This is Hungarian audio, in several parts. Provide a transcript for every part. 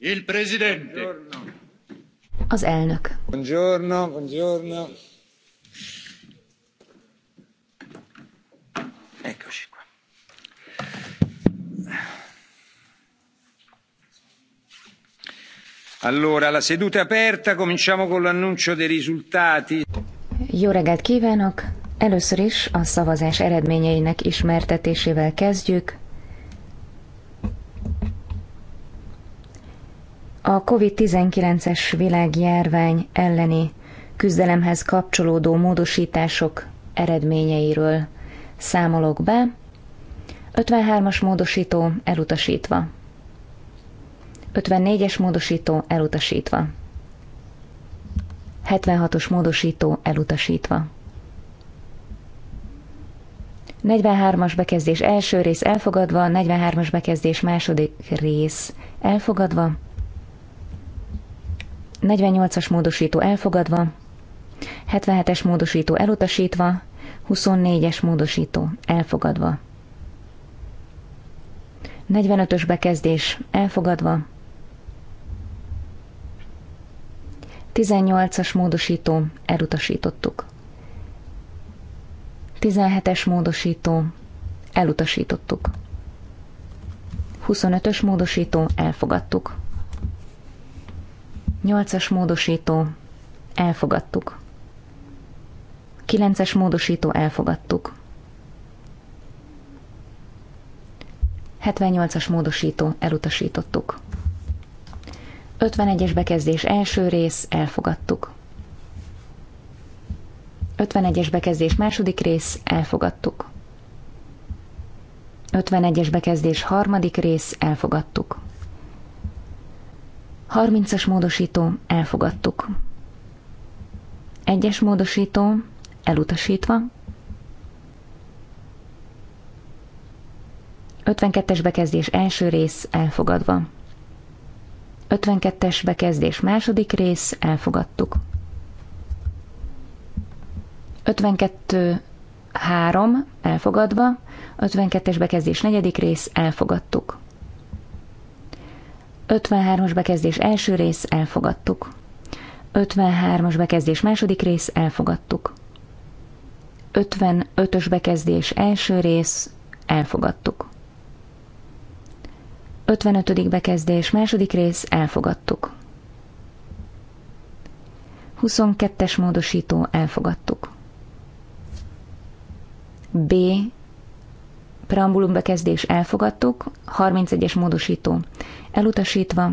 Il presidente. Az elnök. Buongiorno, buongiorno. Eccoci qua. Allora, la seduta è aperta, cominciamo con l'annuncio dei risultati. Jó reggelt kívánok! Először is a szavazás eredményeinek ismertetésével kezdjük. A COVID-19-es világjárvány elleni küzdelemhez kapcsolódó módosítások eredményeiről számolok be. 53-as módosító elutasítva. 54-es módosító elutasítva. 76-os módosító elutasítva. 43-as bekezdés első rész elfogadva, 43-as bekezdés második rész elfogadva, 48-as módosító elfogadva, 77-es módosító elutasítva, 24-es módosító elfogadva. 45-ös bekezdés elfogadva, 18-as módosító elutasítottuk. 17-es módosító elutasítottuk. 25-ös módosító elfogadtuk. Nyolcas módosító, elfogadtuk. Kilences módosító, elfogadtuk. 78-as módosító, elutasítottuk. 51-es bekezdés első rész, elfogadtuk. 51-es bekezdés második rész, elfogadtuk. 51-es bekezdés harmadik rész, elfogadtuk. 30-as módosító, elfogadtuk. Egyes módosító, elutasítva. 52-es bekezdés első rész, elfogadva. 52-es bekezdés második rész, elfogadtuk. 52 3, elfogadva, 52-es bekezdés negyedik rész, elfogadtuk. 53-as bekezdés első rész elfogadtuk. 53-as bekezdés második rész elfogadtuk. 55-ös bekezdés első rész elfogadtuk. 55. bekezdés második rész elfogadtuk. 22-es módosító elfogadtuk. B. Preambulum bekezdés elfogadtuk, 31-es módosító elutasítva.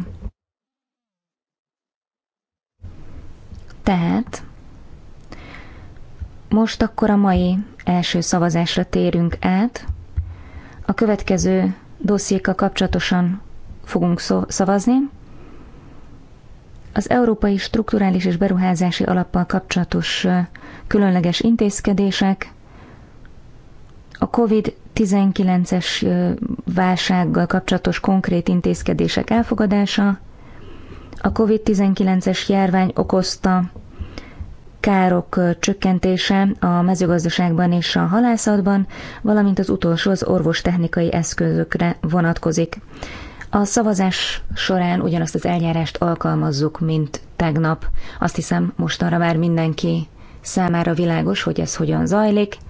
Tehát most akkor a mai első szavazásra térünk át. A következő dossziékkal kapcsolatosan fogunk szavazni. Az Európai Strukturális és Beruházási Alappal kapcsolatos különleges intézkedések, a COVID-19-es válsággal kapcsolatos konkrét intézkedések elfogadása, a COVID-19-es járvány okozta károk csökkentése a mezőgazdaságban és a halászatban, valamint az utolsó az orvostechnikai eszközökre vonatkozik. A szavazás során ugyanazt az eljárást alkalmazzuk, mint tegnap. Azt hiszem, mostanra már mindenki számára világos, hogy ez hogyan zajlik –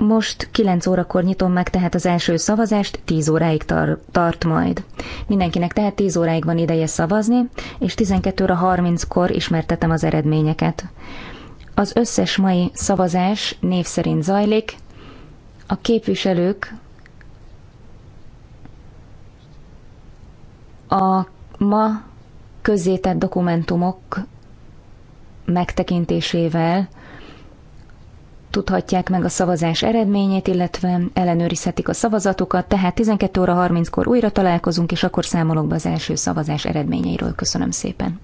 most 9 órakor nyitom meg tehát az első szavazást, 10 óráig tar- tart majd. Mindenkinek tehát 10 óráig van ideje szavazni, és 12 óra 30-kor ismertetem az eredményeket. Az összes mai szavazás név szerint zajlik. A képviselők a ma közzétett dokumentumok megtekintésével tudhatják meg a szavazás eredményét, illetve ellenőrizhetik a szavazatokat. tehát 12 óra 30-kor újra találkozunk, és akkor számolok be az első szavazás eredményeiről. Köszönöm szépen!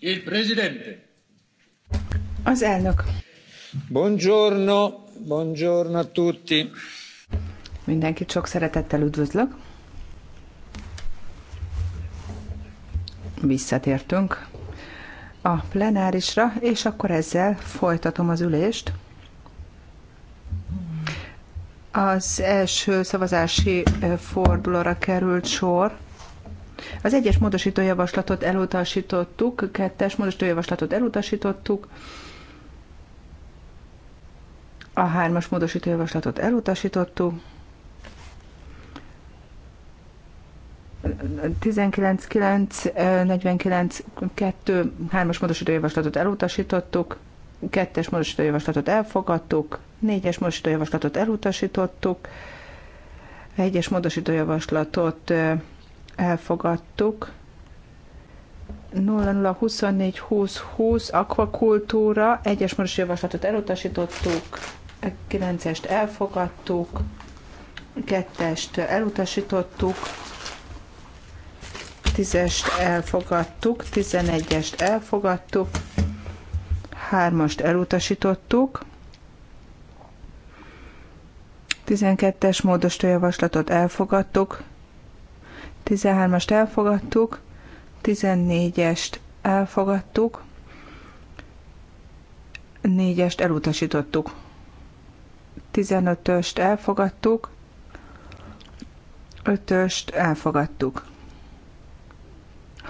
Il presidente. Az elnök. Buongiorno, buongiorno a tutti. Mindenkit sok szeretettel üdvözlök. Visszatértünk a plenárisra, és akkor ezzel folytatom az ülést. Az első szavazási eh, fordulóra került sor az egyes módosítójavaslatot elutasítottuk, kettes módosítójavaslatot elutasítottuk, a hármas módosítójavaslatot elutasítottuk, 19.9.49.2 hármas módosítójavaslatot elutasítottuk, kettes módosítójavaslatot elfogadtuk, négyes módosítójavaslatot elutasítottuk, egyes módosítójavaslatot javaslatot elfogadtuk. 00242020 akvakultúra, egyes moros javaslatot elutasítottuk, 9-est elfogadtuk, 2-est elutasítottuk, 10-est elfogadtuk, 11-est elfogadtuk, 3-ast elutasítottuk, 12-es módosítójavaslatot elfogadtuk, 13-ast elfogadtuk, 14-est elfogadtuk, 4-est elutasítottuk, 15-öst elfogadtuk, 5-öst elfogadtuk,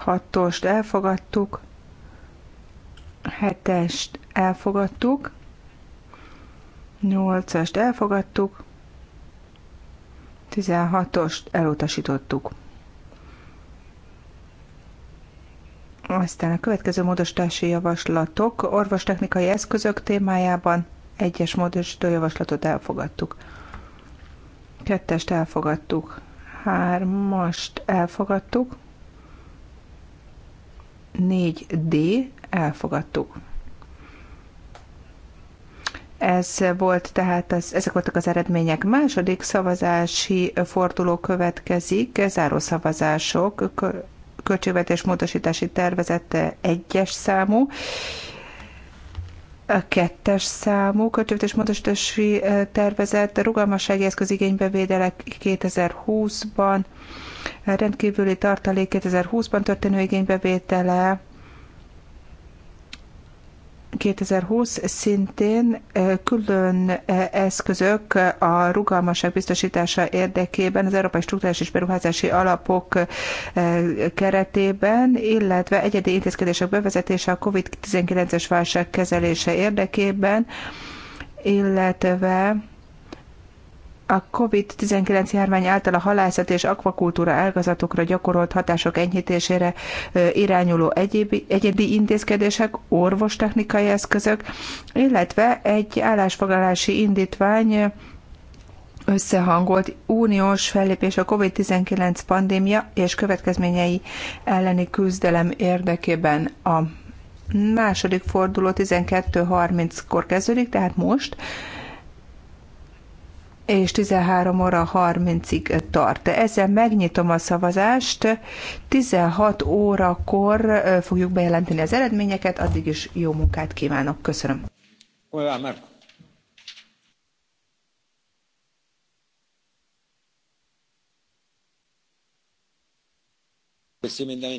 6-ost elfogadtuk, 7-est elfogadtuk, 8-est elfogadtuk, 16-ost elutasítottuk. Aztán a következő módosítási javaslatok orvostechnikai eszközök témájában egyes módosító javaslatot elfogadtuk. Kettest elfogadtuk. Hármast elfogadtuk. 4D elfogadtuk. Ez volt tehát, az, ezek voltak az eredmények. Második szavazási forduló következik, záró szavazások költségvetés módosítási tervezete egyes számú, a kettes számú költségvetés módosítási tervezet, rugalmassági eszköz igénybevédelek 2020-ban, rendkívüli tartalék 2020-ban történő igénybevétele, 2020 szintén külön eszközök a rugalmasság biztosítása érdekében az Európai Struktúrás és Beruházási Alapok keretében, illetve egyedi intézkedések bevezetése a COVID-19-es válság kezelése érdekében, illetve a COVID-19 járvány által a halászat és akvakultúra ágazatokra gyakorolt hatások enyhítésére irányuló egyéb, egyedi intézkedések, orvostechnikai eszközök, illetve egy állásfoglalási indítvány összehangolt uniós fellépés a COVID-19 pandémia és következményei elleni küzdelem érdekében a második forduló 12.30-kor kezdődik, tehát most és 13 óra 30-ig tart. Ezzel megnyitom a szavazást, 16 órakor fogjuk bejelenteni az eredményeket, addig is jó munkát kívánok. Köszönöm. Olá, Márko. Köszönöm minden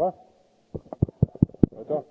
va? Attends.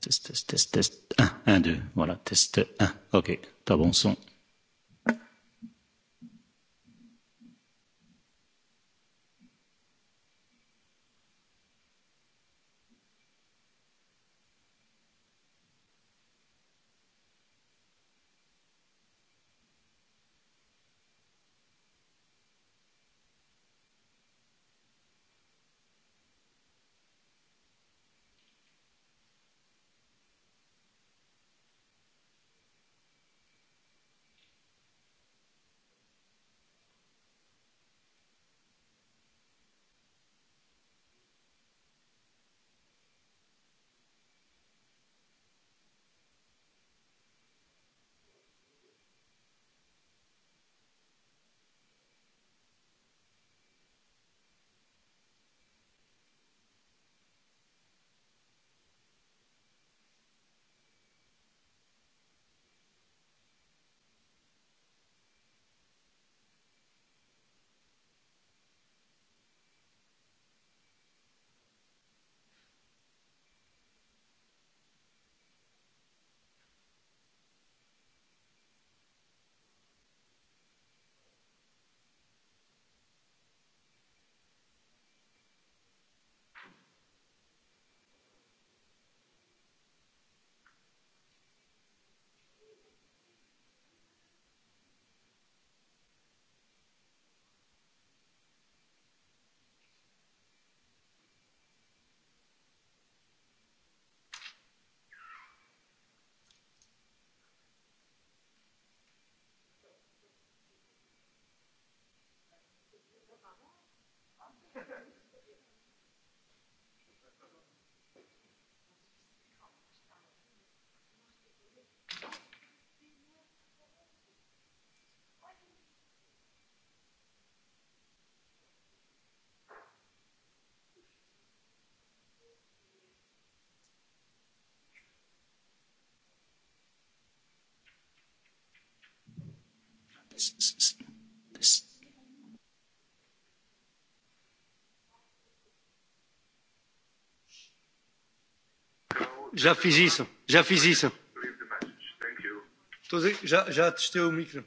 Test, test, test, test. 1, ah, un 2. Voilà, test un OK, t'as bon son. Já fiz isso, já fiz isso. a já, já testei o micro.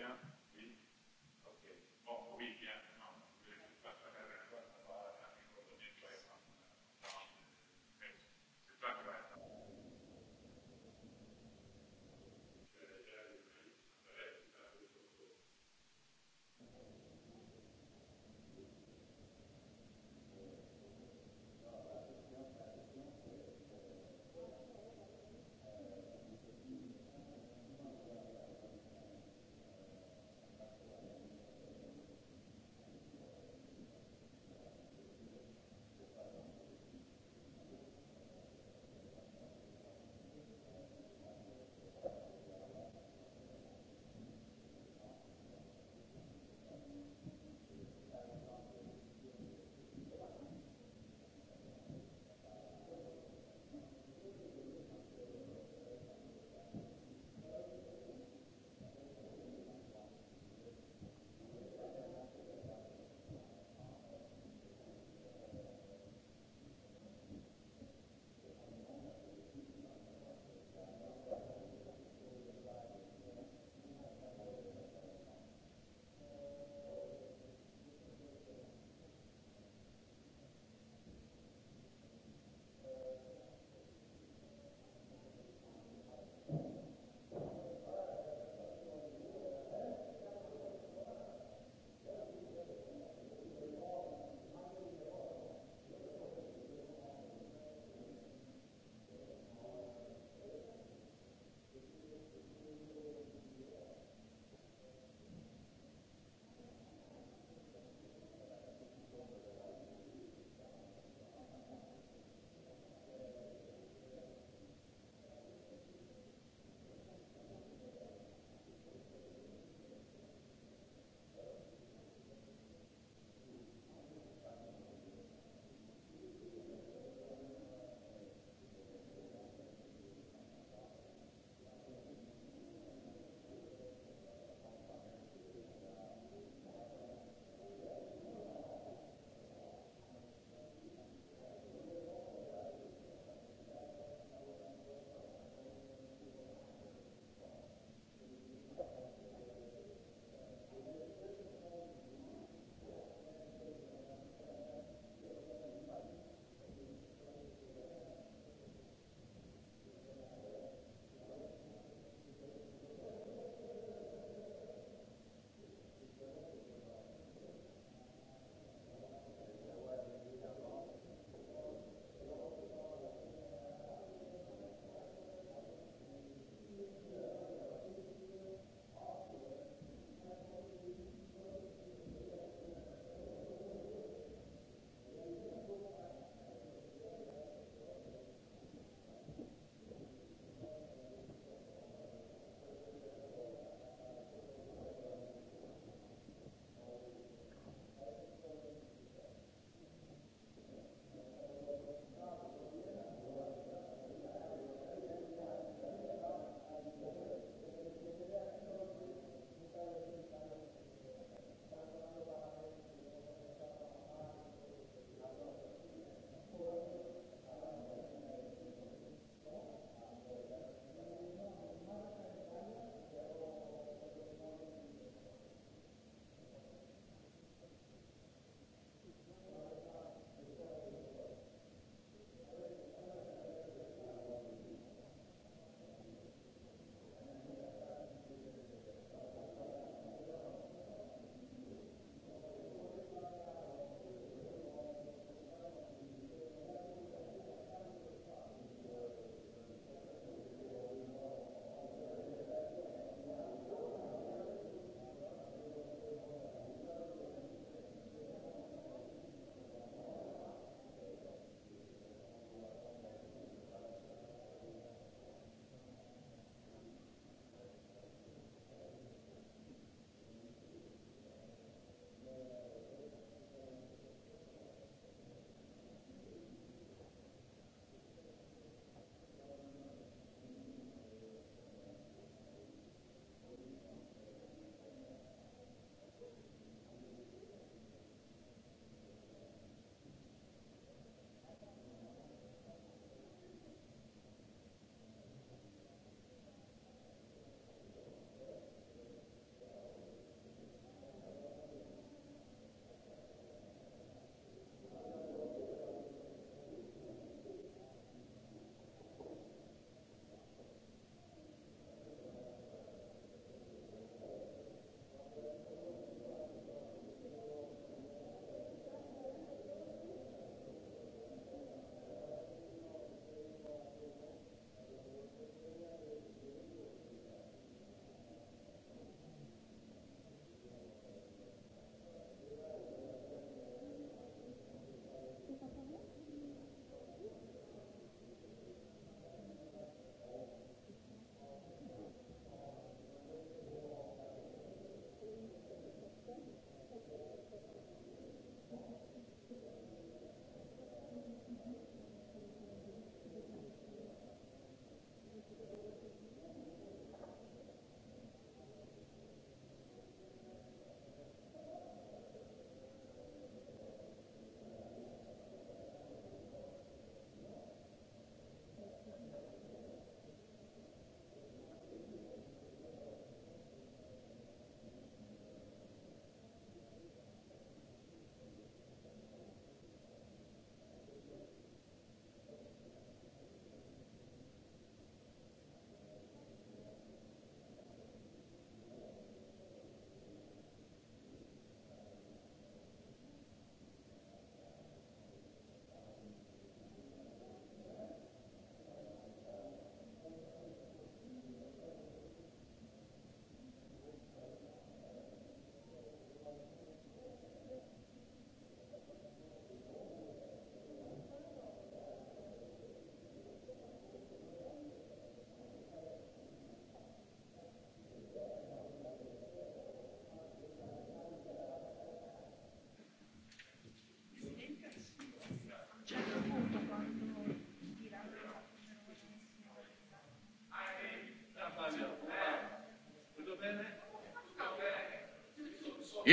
Yeah.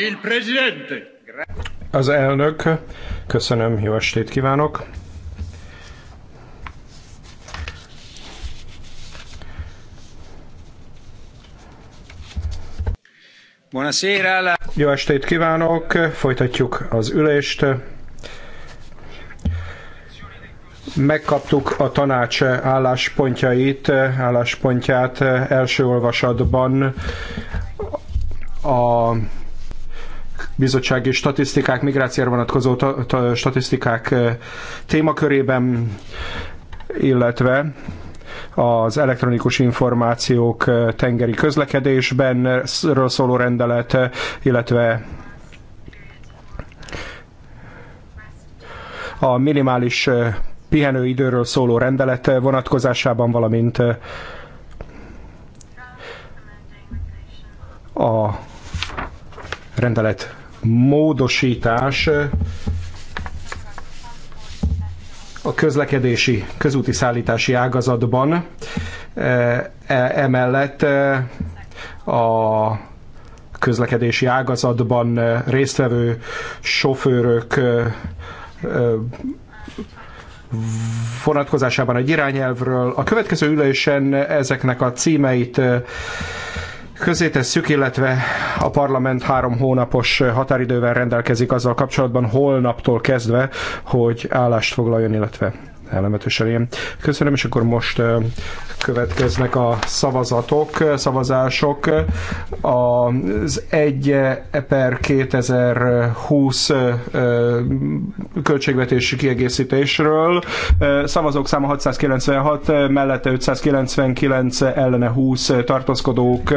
Il Presidente. Az elnök, köszönöm, jó estét kívánok. Buonasera. Jó estét kívánok, folytatjuk az ülést. Megkaptuk a tanács álláspontjait, álláspontját első olvasatban a bizottsági statisztikák, migrációra vonatkozó statisztikák témakörében, illetve az elektronikus információk tengeri közlekedésben ről szóló rendelet, illetve a minimális pihenőidőről szóló rendelet vonatkozásában, valamint a rendelet módosítás a közlekedési, közúti szállítási ágazatban. E, e, emellett e, a közlekedési ágazatban résztvevő sofőrök vonatkozásában egy irányelvről. A következő ülésen ezeknek a címeit közétesszük, illetve a parlament három hónapos határidővel rendelkezik azzal kapcsolatban holnaptól kezdve, hogy állást foglaljon, illetve elemetősen ilyen. Köszönöm, és akkor most következnek a szavazatok, szavazások. Az 1 per 2020 költségvetési kiegészítésről. Szavazók száma 696, mellette 599, ellene 20, tartózkodók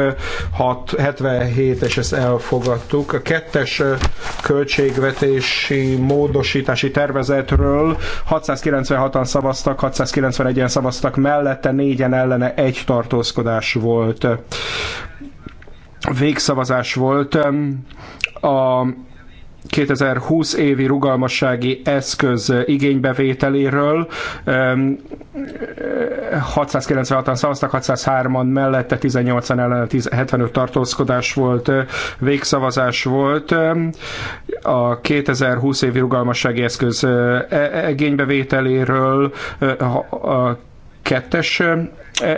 6, 77, és ezt elfogadtuk. A kettes költségvetési módosítási tervezetről 696 200-an szavaztak, 691-en szavaztak mellette, négyen ellene egy tartózkodás volt. Végszavazás volt. A 2020 évi rugalmassági eszköz igénybevételéről. 696-an szavaztak, 603-an mellette, 18-an ellen 75 tartózkodás volt, végszavazás volt. A 2020 évi rugalmassági eszköz e, e, igénybevételéről kettes e,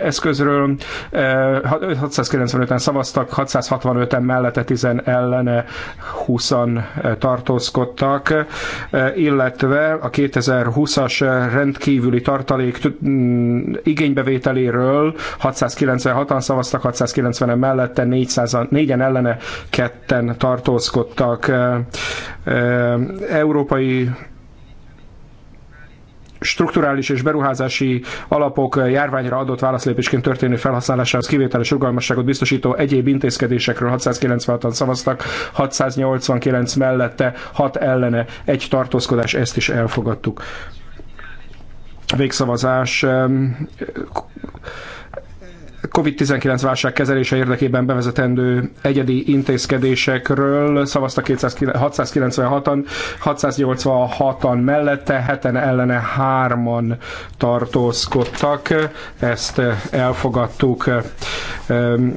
eszközről. 695-en e, szavaztak, 665-en mellette 10 ellene 20 e, tartózkodtak, illetve a 2020-as rendkívüli tartalék mm, igénybevételéről 696-an szavaztak, 690-en mellette, 4 en ellene 2-en tartózkodtak. Európai strukturális és beruházási alapok járványra adott válaszlépésként történő felhasználásához kivételes rugalmasságot biztosító egyéb intézkedésekről 696-an szavaztak, 689 mellette, 6 ellene, egy tartózkodás, ezt is elfogadtuk. Végszavazás ehm, COVID-19 válság kezelése érdekében bevezetendő egyedi intézkedésekről szavaztak 696-an, 686-an mellette, heten ellene hárman tartózkodtak. Ezt elfogadtuk ehm,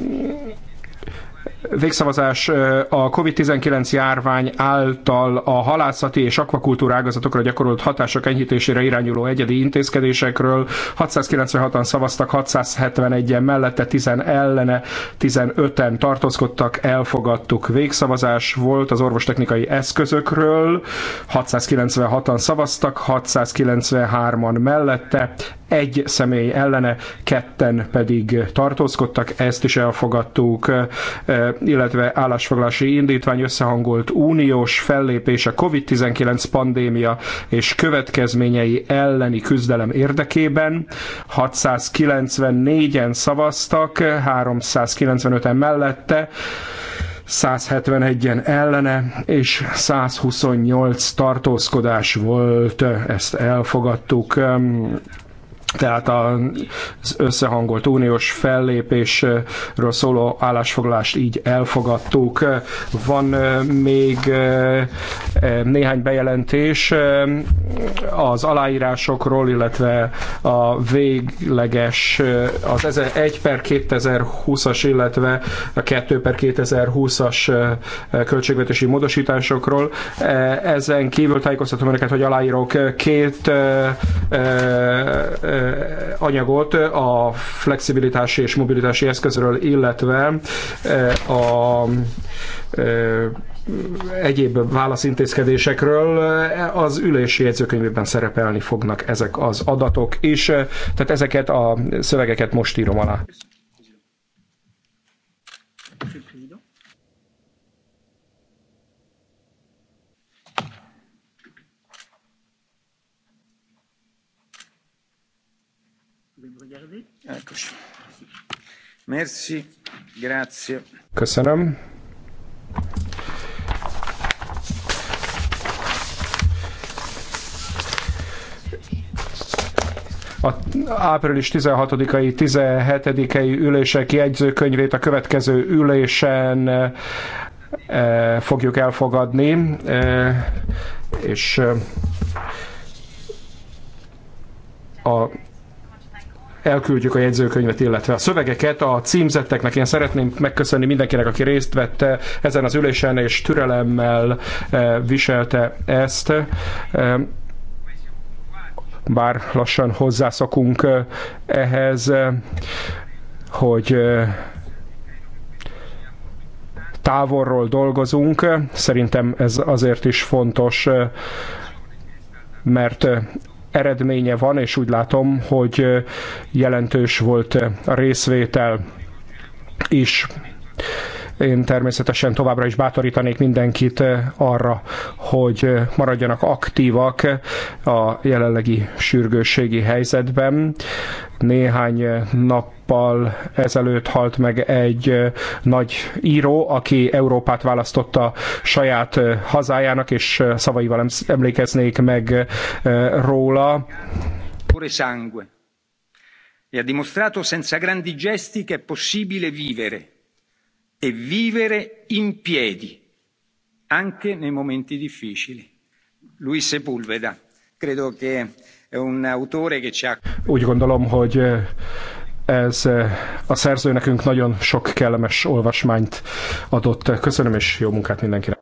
végszavazás a COVID-19 járvány által a halászati és akvakultúra ágazatokra gyakorolt hatások enyhítésére irányuló egyedi intézkedésekről. 696-an szavaztak, 671-en mellette, 10 ellene, 15-en tartózkodtak, elfogadtuk. Végszavazás volt az orvostechnikai eszközökről, 696-an szavaztak, 693-an mellette, egy személy ellene, ketten pedig tartózkodtak, ezt is elfogadtuk illetve állásfoglalási indítvány összehangolt uniós fellépés a COVID-19 pandémia és következményei elleni küzdelem érdekében. 694-en szavaztak, 395-en mellette. 171-en ellene, és 128 tartózkodás volt, ezt elfogadtuk tehát az összehangolt uniós fellépésről szóló állásfoglalást így elfogadtuk. Van még néhány bejelentés az aláírásokról, illetve a végleges, az 1 per 2020-as, illetve a 2 per 2020-as költségvetési módosításokról. Ezen kívül tájékoztatom önöket, hogy aláírok két anyagot a flexibilitási és mobilitási eszközről, illetve eh, a eh, egyéb válaszintézkedésekről az ülési jegyzőkönyvében szerepelni fognak ezek az adatok, és tehát ezeket a szövegeket most írom alá. Merci, Köszönöm. a április 16-ai, 17-ei ülések jegyzőkönyvét a következő ülésen e, fogjuk elfogadni, e, és e, a elküldjük a jegyzőkönyvet, illetve a szövegeket a címzetteknek. Én szeretném megköszönni mindenkinek, aki részt vette ezen az ülésen, és türelemmel eh, viselte ezt eh, bár lassan hozzászokunk eh, ehhez, hogy távolról dolgozunk. Szerintem ez azért is fontos, mert eredménye van, és úgy látom, hogy jelentős volt a részvétel is. Én természetesen továbbra is bátorítanék mindenkit arra, hogy maradjanak aktívak a jelenlegi sürgősségi helyzetben néhány eh, nappal ezelőtt halt meg egy eh, nagy író, aki Európát választotta saját eh, hazájának, és szavaival emlékeznék meg róla. Pure sangue. E ha dimostrato senza grandi gesti che è possibile vivere e vivere in piedi, anche nei momenti difficili. Luis Sepulveda. Credo che úgy gondolom, hogy eh, ez eh, a szerző nekünk nagyon sok kellemes olvasmányt adott. Köszönöm, és jó munkát mindenkinek!